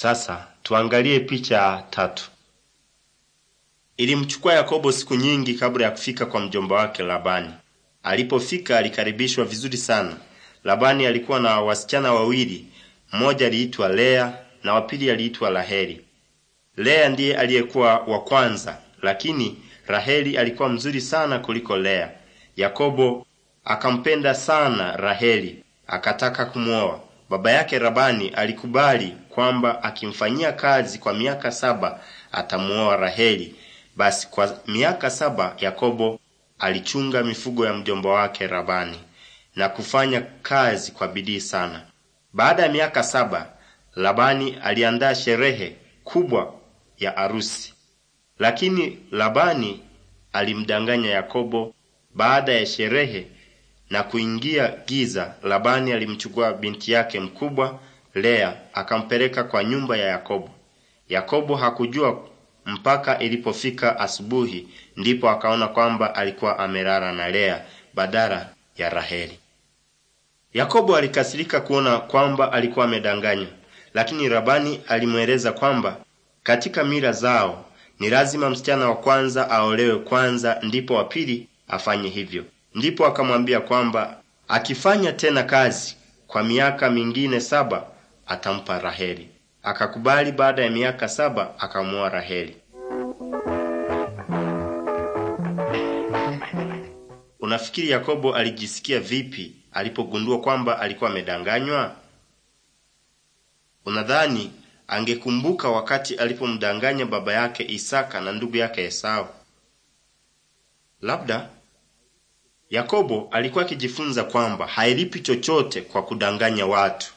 Sasa tuangalie picha tatu. Ilimchukua Yakobo siku nyingi kabla ya kufika kwa mjomba wake Labani. Alipofika alikaribishwa vizuri sana. Labani alikuwa na wasichana wawili, mmoja aliitwa Lea na wa pili aliitwa Raheli. Lea ndiye aliyekuwa wa kwanza, lakini Raheli alikuwa mzuri sana kuliko Lea. Yakobo akampenda sana Raheli, akataka kumwoa. Baba yake rabani alikubali kwamba akimfanyia kazi kwa miaka saba atamuoa Raheli. Basi kwa miaka saba Yakobo alichunga mifugo ya mjomba wake rabani na kufanya kazi kwa bidii sana. Baada ya miaka saba, Labani aliandaa sherehe kubwa ya arusi, lakini Labani alimdanganya Yakobo baada ya sherehe na kuingia giza, Labani alimchukua binti yake mkubwa Lea akampeleka kwa nyumba ya Yakobo. Yakobo hakujua mpaka ilipofika asubuhi, ndipo akaona kwamba alikuwa amelala na Lea badala ya Raheli. Yakobo alikasirika kuona kwamba alikuwa amedanganywa, lakini Labani alimweleza kwamba katika mila zao ni lazima msichana wa kwanza aolewe kwanza, ndipo wa pili afanye hivyo. Ndipo akamwambia kwamba akifanya tena kazi kwa miaka mingine saba atampa Raheli. Akakubali. Baada ya miaka saba akamwoa Raheli. Unafikiri Yakobo alijisikia vipi alipogundua kwamba alikuwa amedanganywa? Unadhani angekumbuka wakati alipomdanganya baba yake Isaka na ndugu yake Esau? Labda Yakobo alikuwa akijifunza kwamba hailipi chochote kwa kudanganya watu.